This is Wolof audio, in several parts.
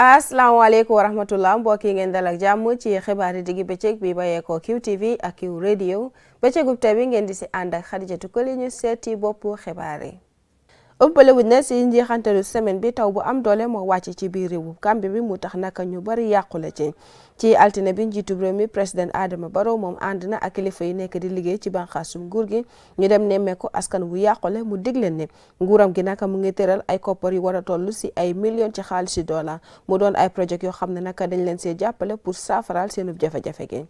asalaamaaleykum wa rahmatullah mbokk yi ngeen dal ak jàmm ci xibaari diggi bëccëg bi bayeekoo QTV ak Q radio bëccëgub tey bi ngeen di si ànd ak Xadijatu Koli ñu seeti boppu xibaar yi ëmpalewuñ ne si njeexantalu semaine bi taw bu am doole moo wàcc ci biir réewu Gàmbi bi mu tax naka ñu bari yàqule ci ci altine bi njiitu réew mi président Adama Barrow moom ànd na ak kilifa yi nekk di liggéey ci banqaasum nguur gi ñu dem ko askan wu yàqule mu dig leen ne nguuram gi naka mu ngi tëral ay koppar yu war a toll si ay million ci xaalis si dollar mu doon ay projet yoo xam ne naka dañ leen see jàppale pour saafaraal seenub jafe-jafe gi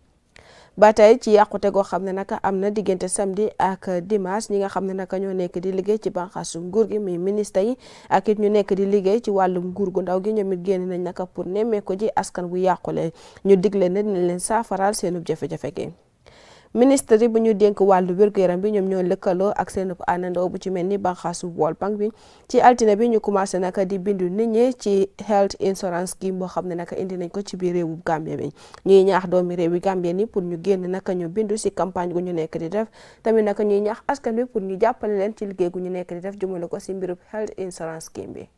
ba tey ci yàqute goo xam ne nag am na diggante samedi ak dimanche ñi nga xam ne naka ñoo nekk di liggéey ci banqaasu nguur gi muy ministre yi ak it ñu nekk di liggéey ci wàllum nguur gu ndaw gi ñoom it génn nañ nag pour nemmee ko ji askan wu yàqule ñu digle ne dina leen saafaraal seenub jafe-jafe gi ministre yi bu ñu dénk wàllu wér-gu-yaram bi ñoom ñoo lëkkaloo ak seen àndandoo bu ci mel ni banxaasu World Bank bi ci altine bi ñu commencé naka di bindu nit ñi ci health insurance scheme boo xam ne naka indi nañ ko ci biir réewu Gambie bi ñuy ñaax doomi réewi Gambie ni pour ñu génn naka ñu bindu si campagne gu ñu nekk di def tamit naka ñuy ñaax askan bi pour ñu jàppale leen ci liggéey gu ñu nekk di def jëmale ko si mbirub health insurance scheme bi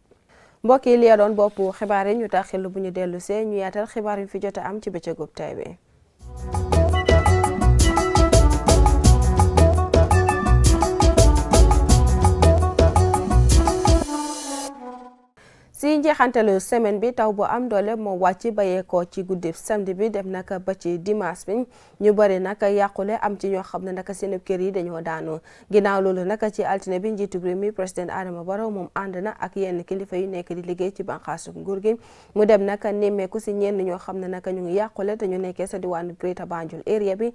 mbokk yi liya doon bopp xibaar yi ñu tax xel bu ñu dellu see ñu yaatal xibaar yu fi jot am ci bëccëgub tey si njeexantalu semaine bi taw bu am doole moo wàcc bayeekoo ci guddi samedi bi dem naka ba ci dimanche bi ñu bëri naka yàqule am ci ñoo xam ne naka seen kër yi dañoo daanu ginnaaw loolu naka ci altine bi njiitu réew mi président Adama Barrow moom ànd na ak yenn kilifa yu nekk di liggéey ci banqaasu nguur gi mu dem naka nemmeeku si ñenn ñoo xam ne naka ñu ngi yàqule te ñu nekkee sa diwaanu Greater Banjul area bi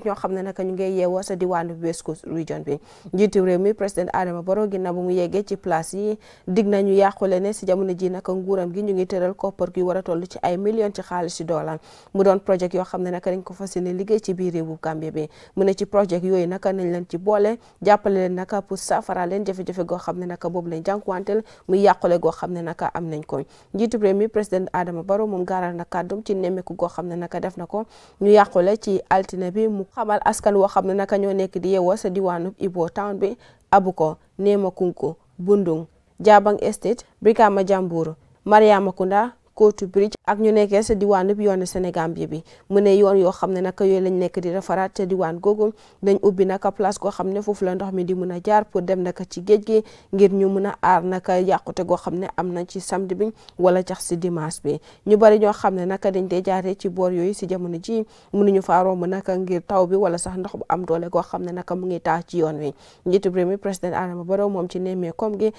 ñoo xam ne naka ñu ngi yeewoo sa diwaanu West Coast region bi njiitu réew mi président Adama bu mu yeggee ci place yi dig nañu yàqule ne si jamono jamono ji naka nguuram gi ñu ngi tëral koppar gi war a toll ci ay million ci xaalisi dollar mu doon projet yoo xam ne naka dañ ko fas ne liggéey ci biir réewu Gambie bi mu ne ci projet yooyu naka nañ leen ci boole jàppale leen naka pour safara leen jafe-jafe goo xam ne naka boobu lañ jànkuwanteel muy yàqule goo xam ne naka am nañ ko njiitu réew mi président Adama Barrow moom gaaral na kàddum ci nemmeeku goo xam ne naka def na ko ñu yàqule ci altine bi mu xamal askan woo xam ne naka ñoo nekk di yeewoo sa diwaanu Ibo town bi abuko Néema Kunku Bundung Jabang Estate Brikama Jambur Mariama Kunda Kotu Bridge ak ñu nekkee sa diwaanub yoonu Sénégambie bi mu ne yoon yoo xam ne naka yooyu lañ nekk di defaraat ca diwaan googu dañ ubbi naka place goo xam ne foofu la ndox mi di mun a jaar pour dem naka ci géej gi ngir ñu mun a aar naka yàqute goo xam ne am na ci samedi bi wala jax si dimanche bi ñu bari ñoo xam ne naka dañ dee jaaree ci boor yooyu si jamono ji mënuñu faa romb naka ngir taw bi wala sax ndox bu am doole goo xam ne naka mu ngi taa ci yoon wi njiitu réew mi président Adama Barrow moom ci nemmeekom gi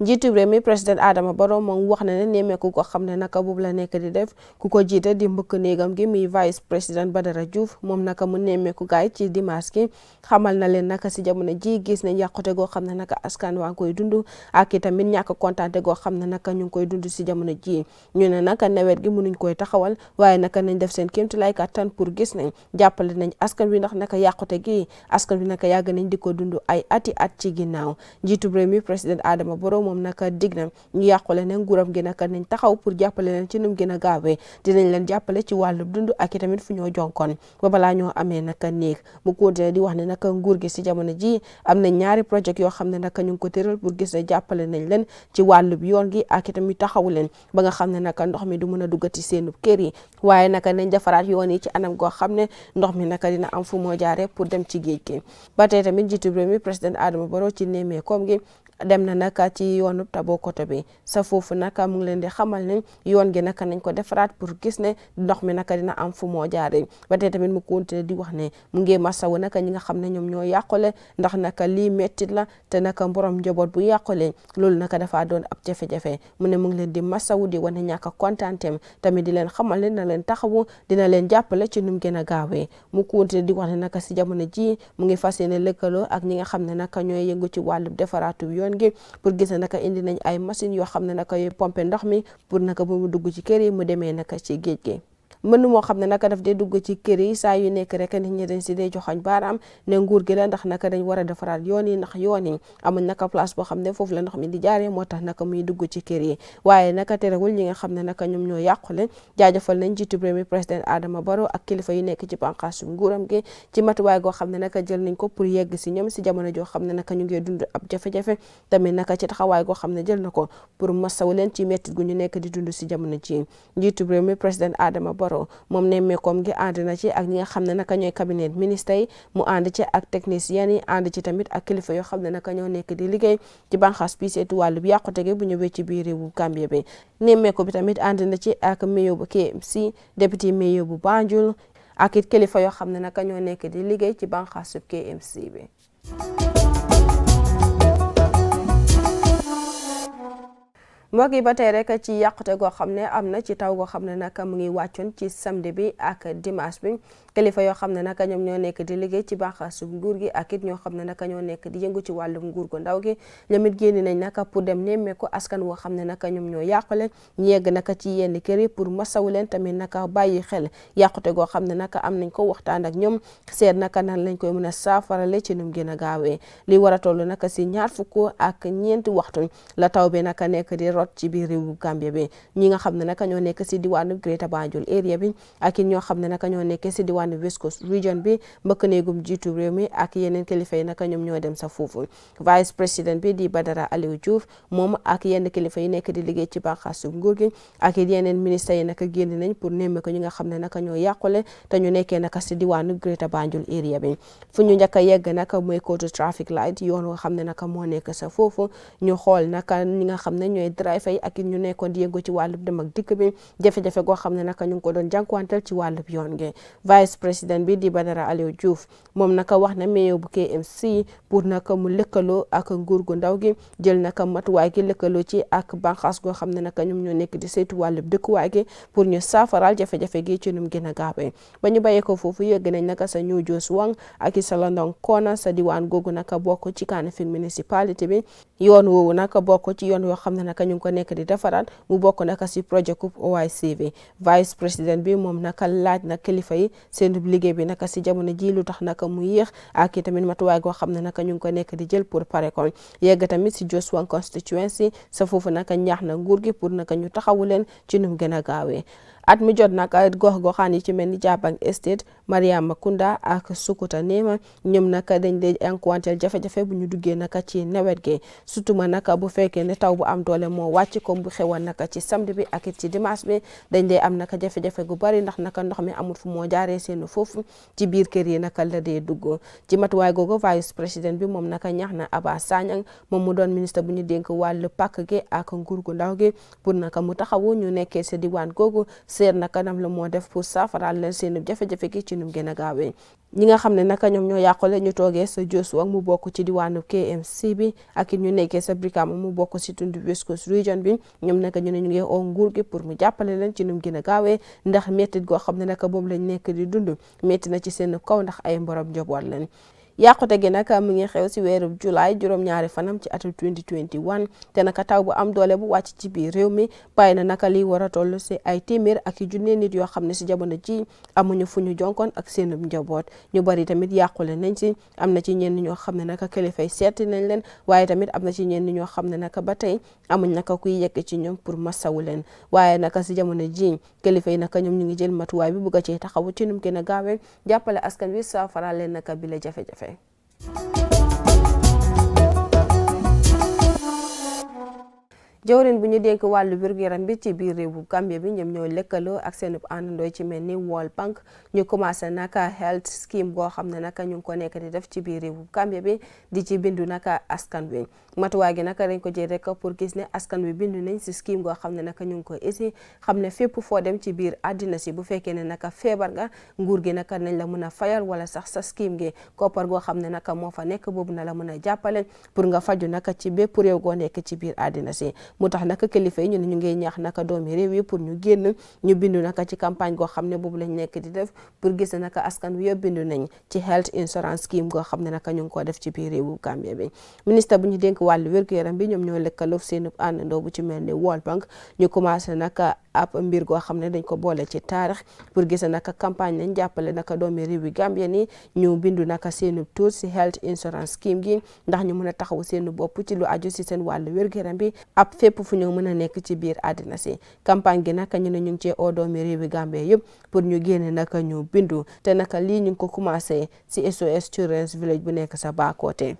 njiitu réew mi président Adama Barrow moom wax na ne nemmeeku ko xam ne naka boobu la nekk di def ku ko jiite di mbëkk néegam gi muy vice président Badara Diouf moom naka mu nemmeeku gaay ci dimanche gi xamal na leen naka si jamono jii gis nañ yàqute goo xam ne naka askan waa ngi koy dund ak itamit ñàkk kontaante goo xam ne naka ñu ngi koy dund si jamono ji ñu ne naka nawet gi mënuñ koy taxawal waaye naka nañ def seen kéemtulaay kàttan pour gis nañ jàppale nañ askan wi ndax naka yàqute gi askan wi naka yàgg nañ di ko dund ay ati at ci ginnaaw njiitu réew mi président Adama Barrow moom nag dig na ñu yàqule ne nguuram gi nag nañ taxaw pour jàppale leen ci num gën a gaawee dinañ leen jàppale ci wàllu dund ak i tamit fu ñoo jonkoon ba balaa ñoo amee nag néeg mu continué di wax ne nag nguur gi si jamono ji am na ñaari projet yoo xam ne nag ñu ngi ko tëral pour gis ne jàppale nañ leen ci wàllub yoon gi ak itamit taxaw leen ba nga xam ne nag ndox mi du mën a duggati seen kër yi waaye nag nañ defaraat yoon yi ci anam goo xam ne ndox mi nag dina am fu moo jaaree pour dem ci géej gi ba tey tamit njiitu réew mi président Adama ci nemmeekoom gi dem na nag ci yoonu Tabokoto bi sa foofu nag mu ngi leen di xamal ne yoon gi naka nañ ko defaraat pour gis ne ndox mi naka dina am fu moo jaaree ba tey tamit mu continué di wax ne mu ngee masawu naka ñi nga xam ne ñoom ñoo yàqule ndax naka lii mettit la te naka borom njaboot bu yàqule loolu naka dafaa doon ab jafe mu ne mu ngi leen di masawu di wane ñàkk a tamit di leen xamal ne dina leen taxawu dina leen jàppale ci nu mu gën a gaawee mu continué di wax ne naka si jamono ji mu ngi fas yéene lëkkaloo ak ñi nga xam ne naka ñooy yëngu ci wàllu defaraatu yoon yoon gi pour gis ne naka indi nañ ay machine yoo xam ne naka yooy pompe ndox mi pour naka bu mu dugg ci kër yi mu demee naka ci géej gi mbënd moo xam ne naka daf dee dugg ci kër yi saa yu nekk rek nit ñi dañ si dee joxoñ baaraam ne nguur gi la ndax naka dañ war a defaraat yoon yi ndax yoon yi amuñ naka place boo xam ne foofu la ndox mi di jaaree moo tax naka muy dugg ci kër yi waaye naka terewul ñi nga xam ne naka ñoom ñoo yàqule jaajëfal nañ jiitu premier président Adama Barrow ak kilifa yu nekk ci bànqaasu nguuram gi ci matuwaay goo xam ne naka jël nañ ko pour yegg si ñoom si jamono joo xam ne naka ñu ngi dund ab jafe tamit naka ci taxawaay goo xam ne jël na ko pour masawu leen ci mettit gu ñu nekk di dund si jamono ji njiitu Adama Barrow Barrow moom nemmeekoom gi ànd na ci ak ñi nga xam ne naka ñooy cabinet ministre yi mu ànd ci ak technicien yi ànd ci tamit ak kilifa yoo xam ne naka ñoo nekk di liggéey ci bànqaas bi seetu wàllu bi yàqute gi bu ñëwee ci biir réewu Gambie bi nemmeeku bi tamit ànd na ci ak mayor bu KMC député mayor bu Banjul ak it kilifa yoo xam ne naka ñoo nekk di liggéey ci bànqaasu KMC bi mbokk yi ba tey rek ci yàqute goo xam ne am na ci taw goo xam ne nag mu ngi wàccoon ci samedi bi ak dimanche bi kilifa yoo xam ne nag ñoom ñoo nekk di liggéey ci baaxaasu nguur gi ak it ñoo xam ne nag ñoo nekk di yëngu ci wàllum nguur gu ndaw gi ñoom it génn nañ nag pour dem nemmeeku askan woo xam ne nag ñoom ñoo yàqule ñu yegg nag ci yenn kër yi pour masawu leen tamit nag bàyyi xel yàqute goo xam ne nag am nañ ko waxtaan ak ñoom seet nag nan lañ koy mën a saafarale ci num gën a gaawee li war a toll nag si ñaar fukk ak ñeenti waxtu la taw bi nag nekk di rot ci biir réewu Gambie ñi nga xam ne nag ñoo nekk si diwaanu Greater Banjul area bi ak it ñoo xam ne nag ñoo nekk si diwaanu West Coast region bi mbëkkaneegum jiitu réew mi ak yeneen kilifa yi naka ñoom ñoo dem sa foofu vice président bi di Badara Alieu Diouf moom ak yenn kilifa yi nekk di liggéey ci bànqaasu nguur gi ak yeneen ministres yi na génn nañ pour nemme ko ñi nga xam ne naka ñoo yàqule te ñu nekkee naka si diwaanu Greater Banjul area bi fu ñu njëkk a yegg nga xam ne naka moo nekk sa foofu ñu xool naka ñi nga xam ne ñooy driver yi ak ñu nekkoon di yëngu ci wàllub dem ak dikk bi jafe-jafe goo xam ne naka ñu ngi ko doon jànkuwanteel ci wàllub yoon gi vice président bi di Badara Alieu Diouf moom naka wax na meyo bu KMC pour naka mu lëkkaloo ak nguur gu ndaw gi jël naka matuwaay gi lëkkaloo ci ak banqaas goo xam ne naka ñoom ñoo nekk di saytu wàllub dëkkuwaay gi pour ñu saafaraal jafe-jafe gi ci num gën a gaawee ba ñu bàyyee ko foofu yëgg nañ naka sa New Jos Wang ak i sa London Corner sa diwaan googu naka bokk ci Kanifing municipality bi yoon woowu naka bokk ci yoon yoo xam ne naka ñu ngi ko nekk di defaraat mu bokk naka si projet OIC seen liggéey bi naka si jamono ji lu tax naka mu yéex tamit itamit matuwaay goo xam ne naka ñu ngi ko nekk di jël pour pare ko yegg tamit si Joswan constituency sa foofu naka ñaax na nguur gi pour naka ñu taxawu leen ci nu mu gën a gaawee at mi jot nag gox goxaan yi ci mel ni Jabang Estate Mariama Kunda ak Sukuta Neema ñoom nag dañ de encontrer jafe-jafe bu ñu duggee nag ci nawet gi surtout ma nag bu fekkee ne taw bu am doole moo wàcc comme bu xewoon nag ci samde bi ak ci dimanche bi dañ de am naka jafe-jafe gu bari ndax nag ndox mi amul fu moo jaaree seen foofu ci biir kër yi nag la dee dugg ci matuwaay googu vice président bi moom nag ñaax na Aba Sanyang moom mu doon ministre bu ñu dénk wàllu pàkk gi ak nguur gu ndaw gi pour mu taxawu ñu nekkee sa diwaan googu seet naka nam la moo def pour saafaraal leen seen jafe-jafe gi ci num gën a gaawee ñi nga xam ne naka ñoom ñoo yàqule ñu toogee sa Joshua mu bokk ci diwaanu KMC bi ak it ñu nekkee sa Brikama mu bokk si tundu West Coast region bi ñoom naka ñu ne ñu ngi oo nguur gi pour mu jàppale leen ci num gën gaawee ndax méttit goo xam ne naka boobu lañ nekk di dund métti na ci seen kaw ndax ay mborom njaboot leen yàqute gi nag mu ngi xew si weerub julaay juróom-ñaari fanam ci atum 2021 te naka taw bu am doole bu wàcc ci biir réew mi bàyyi na naka li war a toll si ay téeméer ak i junne nit yoo xam ne si jamono ji amuñu fu jonkoon ak seenum njaboot ñu bari tamit yàqule nañ si am na ci ñenn ñoo xam ne naka kilifay seeti nañ leen waaye tamit am na ci ñenn ñoo xam ne naka ba tey amuñ naka kuy yegg ci ñoom pour masawu leen waaye naka si jamono ji kilifa yi naka ñoom ñu ngi jël matuwaay bi bugg a cee taxawu ci num gën a gaawee jàppale askan wi saafara leen bi la jafe Thank you. jëwrin bu ñu dénk wàllu wér-gu-yaram bi ci biir réew bu Gambie bi ñoom ñoo lëkkaloo ak seen àndandoo ci mel ni World Bank ñu commencé naka health scheme boo xam ne naka ñu ngi ko nekk di def ci biir réew bu Gambie di ci bindu naka askan wi matuwaay gi naka dañ ko jël rek pour gis ne askan wi bindu si scheme goo xam ne naka ñu ngi ko isi xam ne fépp foo dem ci biir àddina si bu fekkee ne naka feebar nga nguur gi naka nañ la mën a fayal wala sax sa scheme gi koppar goo xam ne naka moo fa nekk boobu na la mën a jàppale pour nga faju naka ci bépp réew goo nekk ci biir àddina si mu tax naka kilifa yi ñu ne ñu ngi ñaax naka doomi réew yi pour ñu génn ñu bindu naka ci campagne goo xam ne boobu lañ nekk di def pour gis ne naka askan wi yëpp bindu nañ ci health insurance scheme goo xam ne naka ñu ngi ko def ci biir réewu Gambia bi ministre bu ñu dénk wàllu wér bi ñoom ñoo lëkkaloo seen àndandoo bu ci mel ni World Bank ñu commencé naka ab mbir goo xam ne dañ ko boole ci taarix pour gis naka campagne lañ jàppale naka doomi réew yi Gambia ni ñu bindu naka seenu tur si health insurance scheme gi ndax ñu mën a taxaw seenu bopp ci lu aju si seen wàllu wér gu bi ab fépp fu ñu mën a nekk ci biir àddina si campagne gi naka ñu ne ñu ngi cee oo doomi réewi Gambie yëpp pour ñu génne naka ñu bindu te naka lii ñu ngi ko commencé si SOS Children's Village bu nekk sa Bakoteh.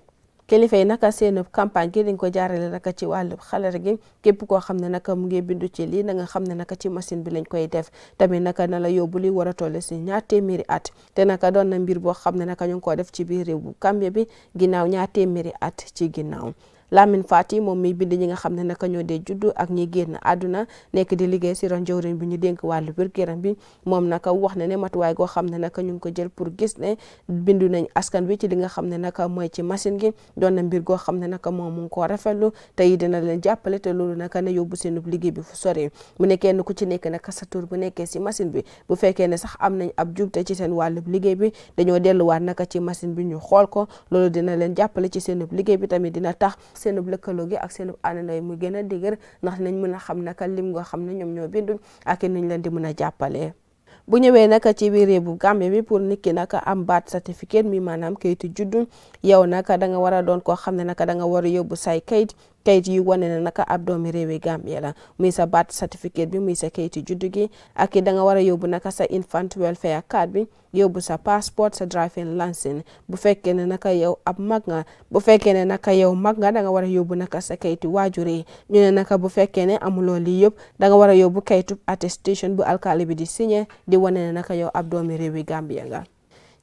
kilifa yi naka seen campagne gi dañ ko jaarale naka ci wàllu xalaat gi képp koo xam ne naka mu ngi bindu ci lii na nga xam ne naka ci machine bi lañ koy def tamit naka na la yóbbu li war a toll si ñaar téeméeri at te naka doon na mbir boo xam ne naka ñu ngi ko def ci biir réew bu Gambie bi ginnaaw ñaar téeméeri at ci ginnaaw. Lamine Fati moom miy bind ñi nga xam ne naka ñoo dee juddu ak ñi génn àdduna nekk di liggéey si ron jëwriñ bi ñu dénk wàllu wér-gu-yaram bi moom naka wax na ne matuwaay goo xam ne naka ñu ngi ko jël pour gis ne bindu nañ askan bi ci li nga xam ne naka mooy ci machine gi doon na mbir goo xam ne naka moom mu ngi koo rafetlu te yi dina leen jàppale te loolu naka ne yóbbu seenub liggéey bi fu sori mu ne kenn ku ci nekk naka sa tur bu nekkee si machine bi bu fekkee ne sax am nañ ab jubte ci seen wàllub liggéey bi dañoo delluwaat naka ci machine bi ñu xool ko loolu dina leen jàppale ci seenub liggéey bi tamit dina tax seenub lëkkaloo gi ak seenub àndandoo mu gën a dëgër ndax nañ mën a xam naka lim nga xam ne ñoom ñoo bindu ak nañ leen di mën a jàppalee. bu ñëwee naka ci biir réew bu Gambie bi pour nit ki naka am baat certificate mi maanaam kayitu juddu yow naka danga nga war a doon koo xam ne naka da nga war a yóbbu say kayit kayit yi wane na naka ab doomi réewi Gambia la muy sa baat certificate bi muy sa kayiti juddu gi ak da nga war a yóbbu naka sa infant welfare card bi yóbbu sa passport sa driving license bu fekkee ne naka yow ab mag nga bu fekkee ne naka yow mag nga da nga war a yóbbu naka sa kayiti waajur yi ñu ne naka bu fekkee ne amuloo lii yëpp da nga war a yóbbu kayitu attestation bu alkaali bi di signé di wane ne naka yow ab doomi réewi Gambia nga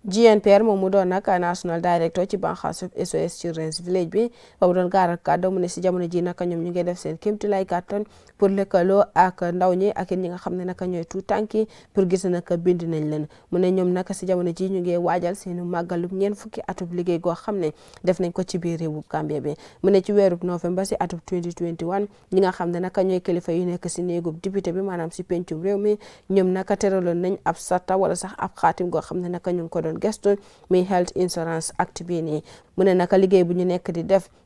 GNPR moom mu doon nag national director ci banxaasu SOS Children's Village bi ba mu doon gaaral kàddu mu ne si jamono ji naka ñoom ñu ngi def seen kéemtulaay kàttan pour lëkkaloo ak ndaw ñi ak ñi nga xam ne naka ñooy tuut tànki pour gis naka bind nañ leen mu ne ñoom naka si jamono ji ñu ngi waajal seenu màggalub ñeent fukki atub liggéey goo xam ne def nañ ko ci biir réewub Gambia bi mu ne ci weerub novembre si atub 2021 ñi nga xam ne naka ñooy kilifa yu nekk si néegub député bi maanaam si pencum réew mi ñoom naka teraloon nañ ab sarta wala sax ab xaatim goo xam ne naka ñu ngi ko doon gestu muy health insurance act bii nii mu ne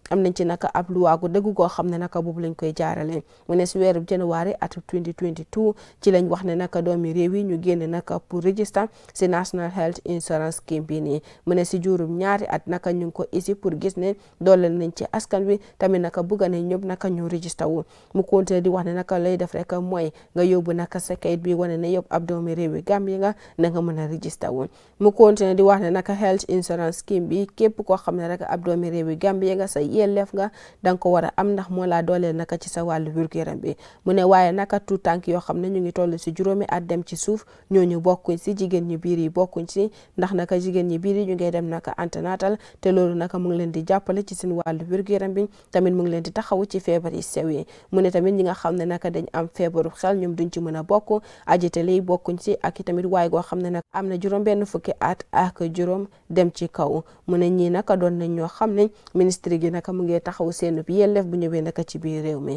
am nañ ci naka ab luwaagu dëgg goo xam ne naka boobu lañ koy jaarale mu ne si weeru janvier atum 2022 ci lañ wax ne naka doomi réew yi ñu génn naka pour register si national health insurance scheme bi nii mu ne si juróom ñaari at naka ñu ngi ko isi pour gis ne dooleel nañ ci askan wi tamit naka bugga ne ñëpp naka ñu register wu mu continué di wax ne naka lay def mooy nga yóbbu naka sa kayit bi wane ne yëpp ab doomi réew yi Gambie nga na nga mën a register wu mu continué di wax ne naka health insurance scheme bi képp koo xam ne rek ab doomi réew yi Gambie nga say yelleef nga da ko war a am ndax moo laa dooleel naka ci sa wàllu wér-gu-yaram bi mu ne waaye naka tu tànk yoo xam ne ñu ngi toll si juróomi at dem ci suuf ñooñu bokkuñ si jigéen ñi biir yi bokkuñ si ndax naka jigéen ñi biir yi ñu ngay dem naka antenatal te loolu naka mu ngi leen di jàppale ci seen wàllu wér-gu-yaram bi tamit mu ngi leen di taxawu ci feebar yi sew yi mu ne tamit ñi nga xam ne naka dañ am feebaru xel ñoom duñ ci mën a bokk ajitale yi bokkuñ si ak i tamit waaye goo xam ne nag am na juróom benn fukki at ak juróom dem ci kaw mu ne ñii naka doon nañ ñoo xam ne ministre gi nag naka mu ngi taxaw seen yelleef bu ñëwee naka ci biir réew mi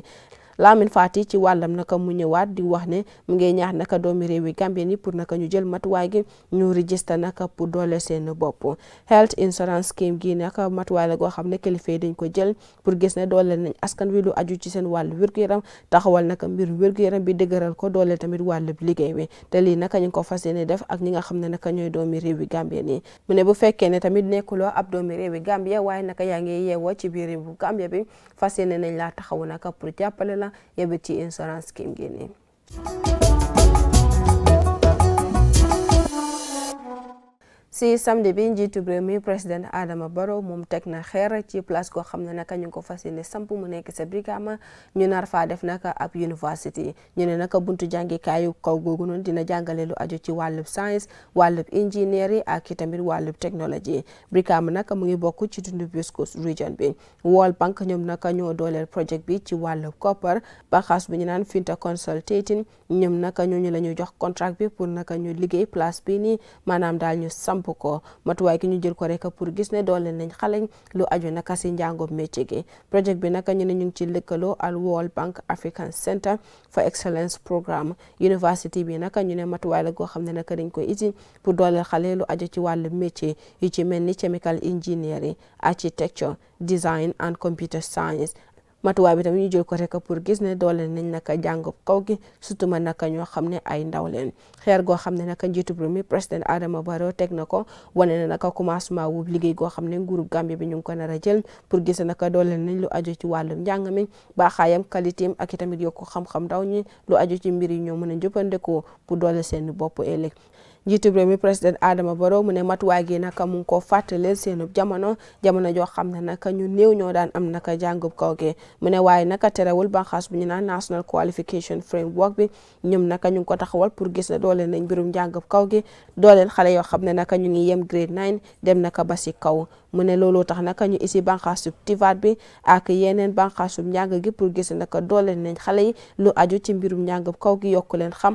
Lamine Fati ci wàllam naka mu ñëwaat di wax ne mu ngi ñaax naka doomi réew yi Gambie ni pour naka ñu jël matuwaay gi ñu register naka pour doole seen bopp health insurance scheme gi naka matuwaay la goo xam ne kilifa yi dañ ko jël pour gis ne doole nañ askan wi lu aju ci seen wàllu wér-gu-yaram taxawal naka mbir wér-gu-yaram bi dëgëral ko doole tamit wàllu liggéey bi te lii naka ñu ngi ko fas yéene def ak ñi nga xam ne naka ñooy doomi réew yi Gambie nii mu ne bu fekkee ne tamit nekkuloo ab doomi réew yi Gambie waaye yaa ngi yeewoo ci biir bu Gambie bi fas yéene nañ laa taxaw yeɓe ci insurance scheme génnee si samedi bi njiitu réew mi président Adama Barrow moom teg na xeer ci place koo xam ne naka ñu ngi ko fas yéene samp mu nekk sa Brikama ñu nar faa def naka ab university ñu ne naka buntu jàngikaayu kaw googu noonu dina jàngale lu ajo ci wàllub science wàllub ingénierie ak itamit wàllub technologie Brikama naka mu ngi bokk ci tundu West Coast region bi World Bank ñoom naka ñoo dooleel projet bi ci wàllub koppar banxaas bu ñu naan Finta Consulting ñoom naka ñooñu la ñu jox contract pour naka ñu liggéey place samp ko ki ñu jël ko rek pour gis ne doole nañ xaleñ lu aju naka si njàngoom métier gi projet bi naka ñu ne ñu ngi ci lëkkaloo al World Bank African Center for Excellence Programme university bi naka ñu ne matuwaay la goo xam ne na dañ ko isi pour dooleel xale lu aju ci wàllu métier yu ci mel ni chemical engineering architecture design and computer science matuwaay bi tamit ñu jël ko rek pour gis ne doole nañ naka jàngu kaw gi surtout ma naka ñoo xam ne ay ndaw leen xeer goo xam ne naka njiitu réew mi président Adama Barrow teg na ko wane na naka commencement wu liggéey goo xam ne nguurub Gambie bi ñu ngi ko nar a jël pour gis naka doole nañ lu aju ci wàllum njàng mi baaxaayam qualité ak itamit yokku xam-xam ndaw ñi lu aju ci mbir yi ñoo mën a jëfandikoo pour doole seen bopp ëllëg njiitu réew mi président Adama Barrow mu ne matuwaay gi naka mu ngi ko fàttaleel seenub jamono jamono joo xam ne naka ñu néew ñoo daan am naka jàngub kaw gi mu ne waaye naka terewul banxaas bu ñu naan national qualification framework bi ñoom naka ñu ngi ko taxawal pour gis ne dooleel nañ mbirum njàngub kaw gi dooleel xale yoo xam ne naka ñu ngi yem grade 9 dem naka ba si kaw mu ne looloo tax naka ñu isi banxaasub tivaat bi ak yeneen banxaasub njàng gi pour gis naka dooleel nañ xale yi lu aju ci mbirum njàngub kaw gi yokku leen xam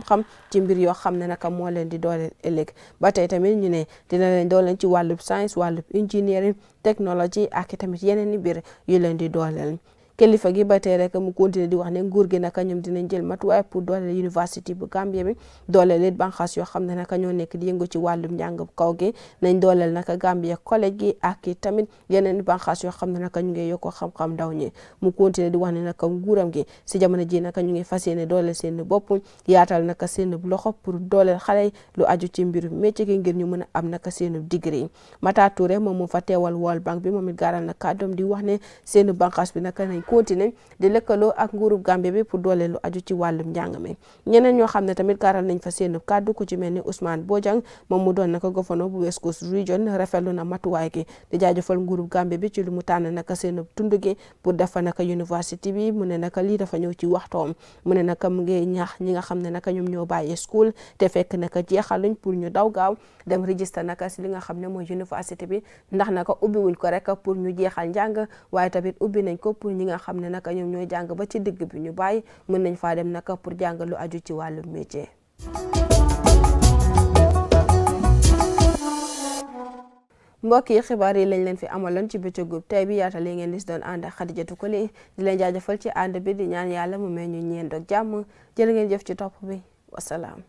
ci mbir yoo xam ne naka moo leen di dooleel ëllëg ba tey tamit ñu ne dina leen dooleel ci wàllub science wàllub engineering technology ak tamit yeneen i biir yi leen di dooleel kilifa gi ba tey rek mu continué di wax ne nguur gi naka ñoom dinañ jël matuwaay pour dooleel université bu Gambie bi dooleel it bànqaas yoo xam ne naka ñoo nekk di yëngu ci wàllum njàng kaw gi nañ dooleel naka Gambia collège gi ak i tamit yeneen bànqaas yoo xam ne naka ñu ngi yokk xam-xam ndaw ñi mu continué di wax ne naka nguuram gi si jamono ji naka ñu ngi fas yéene dooleel seen bopp yaatal naka seen loxo pour dooleel xale lu aju ci mbiru métier gi ngir ñu mën a am naka seen degré yi Mata Touré moom mu fa teewal World Bank bi moom it gaaral na kàddoom di wax ne seen bànqaas bi naka nañ continuer di lëkkaloo ak nguurub Gambie bi pour doole lu aju ci wàllum njàng mi ñeneen ñoo xam ne tamit gaaral nañ fa seen kàddu ku ci mel ni Ousmane Bojang moom mu doon naka gouverneur bu West Coast Region rafetlu na matuwaay gi di jaajëfal nguurub Gambie bi ci lu mu tànn naka seen tund gi pour defa naka université bi mu ne naka lii dafa ñëw ci waxtoom mu ne naka mu ngi ñaax ñi nga xam ne naka ñoom ñoo bàyyee school te fekk naka jeexaluñ pour ñu daw gaaw dem register naka si li nga xam ne mooy université bi ndax naka ubbi wuñ ko rek pour ñu jeexal njàng waaye nga xam ne naka ñoom ñooy jàng ba ci digg bi ñu bàyyi mën nañ faa dem naka pour jàng lu aju ci wàllu métier. mbokk yi xibaar yi lañ leen fi amaloon ci bëccëgub tey bi yaatal yi ngeen di si doon ànd ak Xadijatu Koli di leen jaajëfal ci ànd bi di ñaan yàlla mu may ñu ñeen doog jàmm jërë ngeen ci topp bi wasalaam.